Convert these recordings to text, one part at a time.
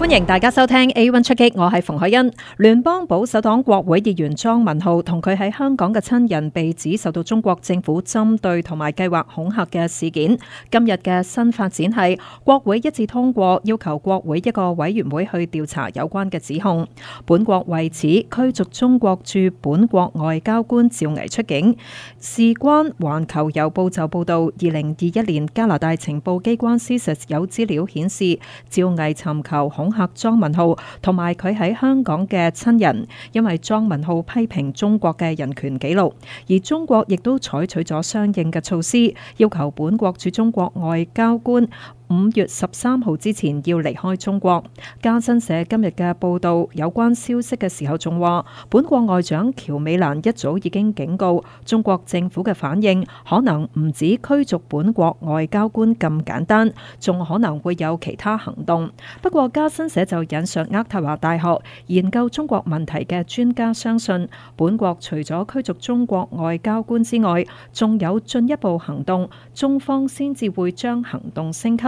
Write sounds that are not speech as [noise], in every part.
歡迎大家收聽 A One 出擊，我係馮海恩。聯邦保守黨國會議員莊文浩同佢喺香港嘅親人被指受到中國政府針對同埋計劃恐吓嘅事件，今日嘅新發展係國會一致通過要求國會一個委員會去調查有關嘅指控。本國為此驅逐中國駐本國外交官趙毅出境。事關環球郵報就報道，二零二一年加拿大情報機關 CSIS 有資料顯示，趙毅尋求恐客莊文浩同埋佢喺香港嘅親人，因為莊文浩批評中國嘅人權紀錄，而中國亦都採取咗相應嘅措施，要求本國駐中國外交官。 [music] 五月十三號之前要離開中國。加新社今日嘅報道有關消息嘅時候說，仲話本國外長喬美蘭一早已經警告，中國政府嘅反應可能唔止驅逐本國外交官咁簡單，仲可能會有其他行動。不過，加新社就引述渥太華大學研究中國問題嘅專家相信，本國除咗驅逐中國外交官之外，仲有進一步行動，中方先至會將行動升級。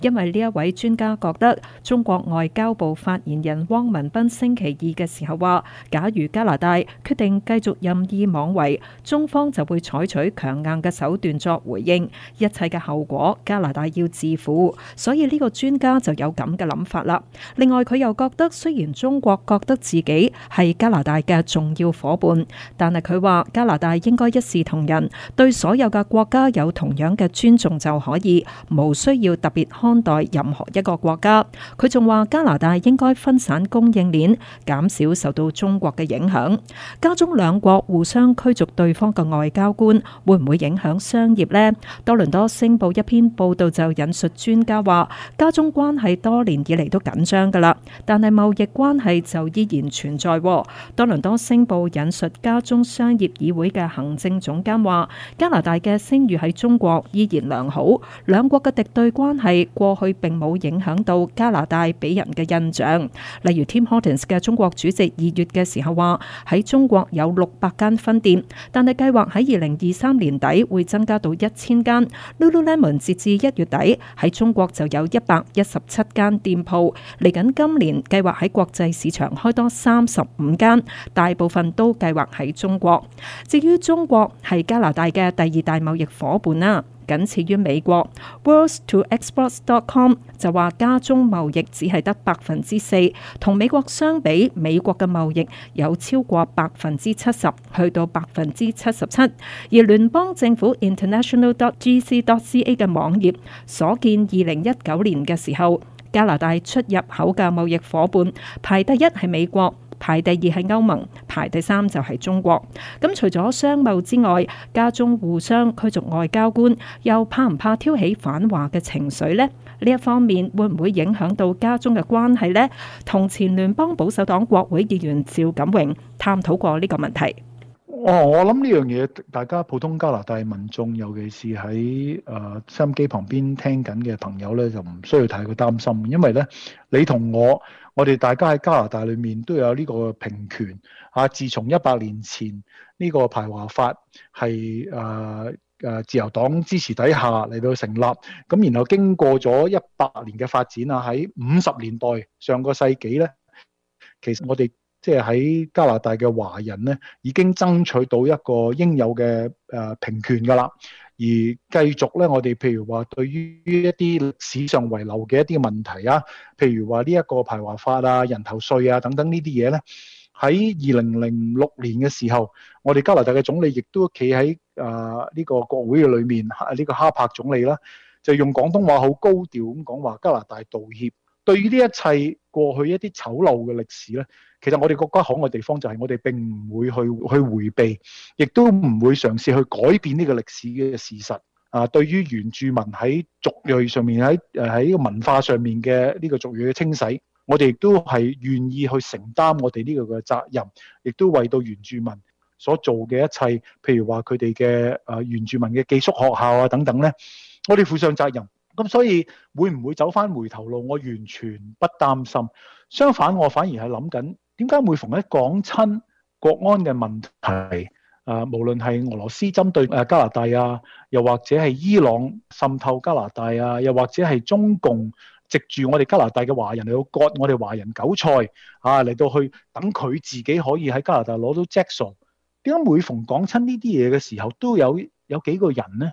因為呢一位專家覺得，中國外交部發言人汪文斌星期二嘅時候話，假如加拿大決定繼續任意妄為，中方就會採取強硬嘅手段作回應，一切嘅後果加拿大要自負。所以呢個專家就有咁嘅諗法啦。另外佢又覺得，雖然中國覺得自己係加拿大嘅重要夥伴，但係佢話加拿大應該一視同仁，對所有嘅國家有同樣嘅尊重就可以，無需要特。別看待任何一個國家。佢仲話加拿大應該分散供應鏈，減少受到中國嘅影響。加中兩國互相驅逐對方嘅外交官，會唔會影響商業呢？多倫多星報一篇報道就引述專家話，加中關係多年以嚟都緊張㗎喇，但係貿易關係就依然存在喎。多倫多星報引述加中商業議會嘅行政總監話，加拿大嘅聲譽喺中國依然良好，兩國嘅敵對關係。係過去並冇影響到加拿大俾人嘅印象，例如 Tim Hortons 嘅中國主席二月嘅時候話，喺中國有六百間分店，但係計劃喺二零二三年底會增加到一千間。Lululemon 截至一月底喺中國就有一百一十七間店鋪，嚟緊今年計劃喺國際市場開多三十五間，大部分都計劃喺中國。至於中國係加拿大嘅第二大貿易伙伴啦。僅次於美國，WorldsToExports.com 就話加中貿易只係得百分之四，同美國相比，美國嘅貿易有超過百分之七十，去到百分之七十七。而聯邦政府 International.gc.ca 嘅網頁所見，二零一九年嘅時候，加拿大出入口嘅貿易伙伴排第一係美國。排第二係歐盟，排第三就係中國。咁除咗商貿之外，加中互相驅逐外交官，又怕唔怕挑起反華嘅情緒呢？呢一方面會唔會影響到加中嘅關係呢？同前聯邦保守黨國會議員趙錦榮探討過呢個問題。哦，我諗呢樣嘢，大家普通加拿大民眾，尤其是喺誒、啊、收音機旁邊聽緊嘅朋友咧，就唔需要太過擔心，因為咧，你同我。我哋大家喺加拿大裏面都有呢個平權啊。自從一百年前呢個排華法係誒誒自由黨支持底下嚟到成立，咁然後經過咗一百年嘅發展啊，喺五十年代上個世紀咧，其實我哋即係喺加拿大嘅華人咧已經爭取到一個應有嘅誒平權㗎啦。而繼續咧，我哋譬如話，對於一啲史上遺留嘅一啲問題啊，譬如話呢一個排華法啊、人頭稅啊等等這些東西呢啲嘢咧，喺二零零六年嘅時候，我哋加拿大嘅總理亦都企喺啊呢個國會嘅裏面，呢、這個哈柏總理啦，就用廣東話好高調咁講話加拿大道歉。對於呢一切過去一啲醜陋嘅歷史咧，其實我哋國家好嘅地方就係我哋並唔會去去迴避，亦都唔會嘗試去改變呢個歷史嘅事實。啊，對於原住民喺族裔上面喺誒喺呢個文化上面嘅呢個族裔嘅清洗，我哋亦都係願意去承擔我哋呢個嘅責任，亦都為到原住民所做嘅一切，譬如話佢哋嘅誒原住民嘅寄宿學校啊等等咧，我哋負上責任。咁所以會唔會走翻回頭路？我完全不擔心。相反，我反而係諗緊點解每逢一講親國安嘅問題，誒、啊、無論係俄羅斯針對誒加拿大啊，又或者係伊朗滲透加拿大啊，又或者係中共藉住我哋加拿大嘅華人嚟到割我哋華人韭菜啊，嚟到去等佢自己可以喺加拿大攞到 Jackson。點解每逢講親呢啲嘢嘅時候，都有有幾個人呢？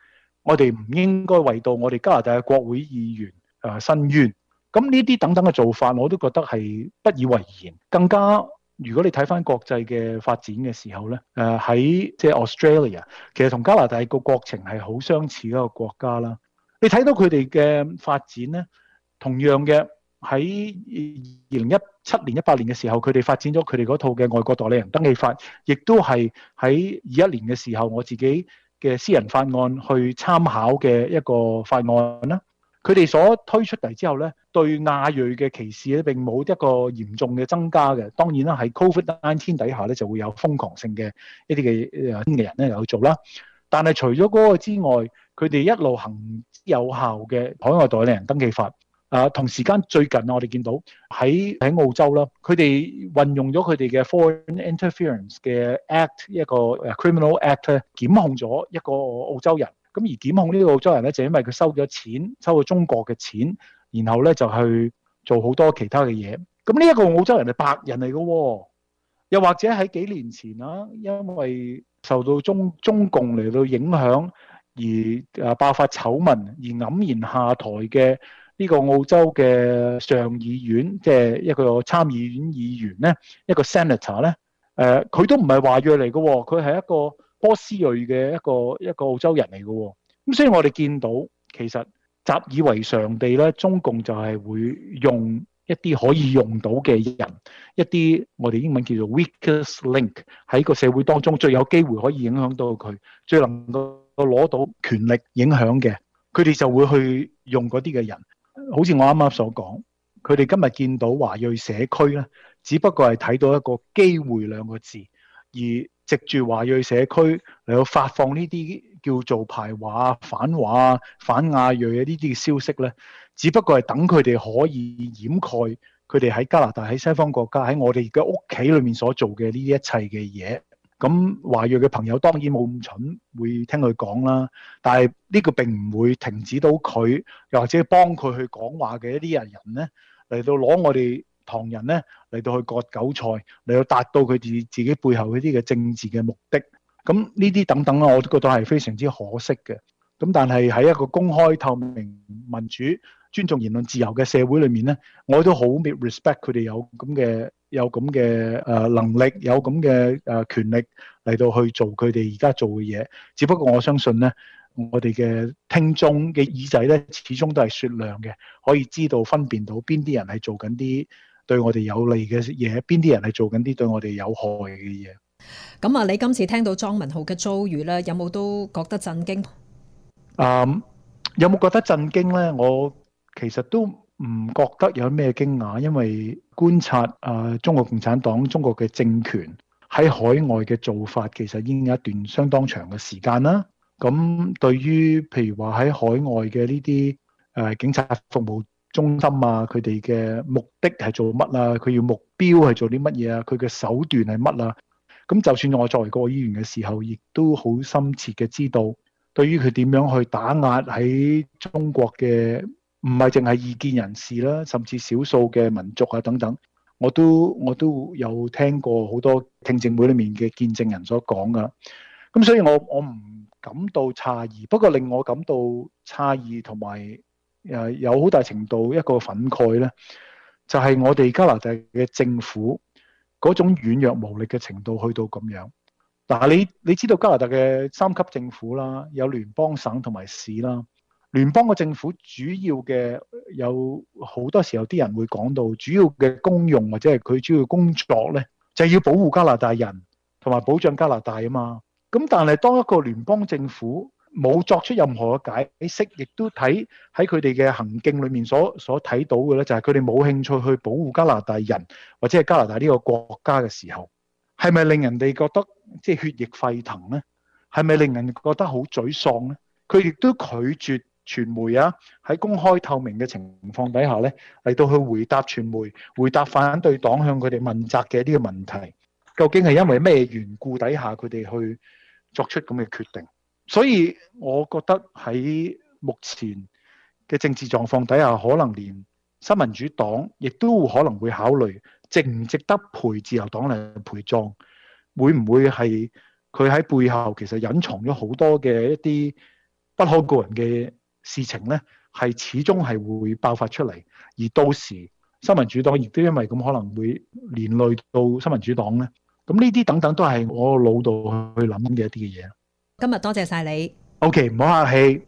我哋唔應該為到我哋加拿大嘅國會議員誒申冤，咁呢啲等等嘅做法，我都覺得係不以為然。更加如果你睇翻國際嘅發展嘅時候咧，誒、呃、喺即係 Australia，其實同加拿大個國情係好相似一個國家啦。你睇到佢哋嘅發展咧，同樣嘅喺二零一七年、一八年嘅時候，佢哋發展咗佢哋嗰套嘅外國代理人登記法，亦都係喺二一年嘅時候，我自己嘅私人法案去參考嘅一個法案啦，佢哋所推出嚟之後咧，對亞裔嘅歧視咧並冇一個嚴重嘅增加嘅。當然啦，喺 COVID-19 底下咧就會有瘋狂性嘅一啲嘅嘅人咧有去做啦。但係除咗嗰個之外，佢哋一路行有效嘅海外代理人登記法。啊，同時間最近啊，我哋見到喺喺澳洲啦，佢哋運用咗佢哋嘅 Foreign Interference 嘅 Act，一個 criminal act 咧，檢控咗一個澳洲人。咁而檢控呢個澳洲人咧，就因為佢收咗錢，收咗中國嘅錢，然後咧就去做好多其他嘅嘢。咁呢一個澳洲人係白人嚟嘅喎，又或者喺幾年前啦，因為受到中中共嚟到影響而啊爆發醜聞而黯然下台嘅。呢個澳洲嘅上議院，即、就、係、是、一個參議院議員咧，一個 Senator 咧，誒、呃、佢都唔係華裔嚟嘅、哦，佢係一個波斯裔嘅一個一個澳洲人嚟嘅、哦。咁、嗯、所以我哋見到其實習以為常地咧，中共就係會用一啲可以用到嘅人，一啲我哋英文叫做 weak link 喺個社會當中最有機會可以影響到佢，最能夠攞到權力影響嘅，佢哋就會去用嗰啲嘅人。好似我啱啱所講，佢哋今日見到華裔社區咧，只不過係睇到一個機會兩個字，而藉住華裔社區嚟到發放呢啲叫做排華、反華、反亞裔嘅呢啲嘅消息咧，只不過係等佢哋可以掩蓋佢哋喺加拿大、喺西方國家、喺我哋而家屋企裏面所做嘅呢啲一切嘅嘢。咁華裔嘅朋友當然冇咁蠢，會聽佢講啦。但係呢個並唔會停止到佢，又或者幫佢去講話嘅一啲人人咧，嚟到攞我哋唐人咧嚟到去割韭菜，嚟到達到佢自自己背後嗰啲嘅政治嘅目的。咁呢啲等等啦、啊，我都覺得係非常之可惜嘅。咁但係喺一個公開透明民主，尊重言論自由嘅社會裏面咧，我都好 respect 佢哋有咁嘅有咁嘅誒能力，有咁嘅誒權力嚟到去做佢哋而家做嘅嘢。只不過我相信咧，我哋嘅聽眾嘅耳仔咧，始終都係雪亮嘅，可以知道分辨到邊啲人係做緊啲對我哋有利嘅嘢，邊啲人係做緊啲對我哋有害嘅嘢。咁啊，你今次聽到莊文浩嘅遭遇咧，有冇都覺得震驚？啊，um, 有冇覺得震驚咧？我其實都唔覺得有咩驚訝，因為觀察誒中國共產黨、中國嘅政權喺海外嘅做法，其實已經有一段相當長嘅時間啦。咁對於譬如話喺海外嘅呢啲誒警察服務中心啊，佢哋嘅目的係做乜啊？佢要目標係做啲乜嘢啊？佢嘅手段係乜啊？咁就算我作為個議員嘅時候，亦都好深切嘅知道，對於佢點樣去打壓喺中國嘅。唔係淨係異見人士啦，甚至少數嘅民族啊等等，我都我都有聽過好多聽證會裏面嘅見證人所講噶。咁所以，我我唔感到詫異。不過令我感到詫異同埋誒有好大程度一個憤慨咧，就係我哋加拿大嘅政府嗰種軟弱無力嘅程度去到咁樣。嗱，你你知道加拿大嘅三級政府啦，有聯邦、省同埋市啦。聯邦嘅政府主要嘅有好多時候，啲人會講到主要嘅功用或者係佢主要工作咧，就係要保護加拿大人同埋保障加拿大啊嘛。咁但係當一個聯邦政府冇作出任何嘅解釋，亦都睇喺佢哋嘅行徑裡面所所睇到嘅咧，就係佢哋冇興趣去保護加拿大人或者係加拿大呢個國家嘅時候，係咪令人哋覺得即係血液沸騰咧？係咪令人覺得好沮喪咧？佢亦都拒絕。傳媒啊，喺公開透明嘅情況底下咧，嚟到去回答傳媒、回答反對黨向佢哋問責嘅呢個問題，究竟係因為咩緣故底下佢哋去作出咁嘅決定？所以我覺得喺目前嘅政治狀況底下，可能連新民主黨亦都可能會考慮值唔值得陪自由黨嚟陪葬，會唔會係佢喺背後其實隱藏咗好多嘅一啲不可告人嘅？事情呢，係始終係會爆發出嚟，而到時新民主黨亦都因為咁可能會連累到新民主黨呢，咁呢啲等等都係我腦度去諗嘅一啲嘅嘢。今日多謝晒你。OK，唔好客氣。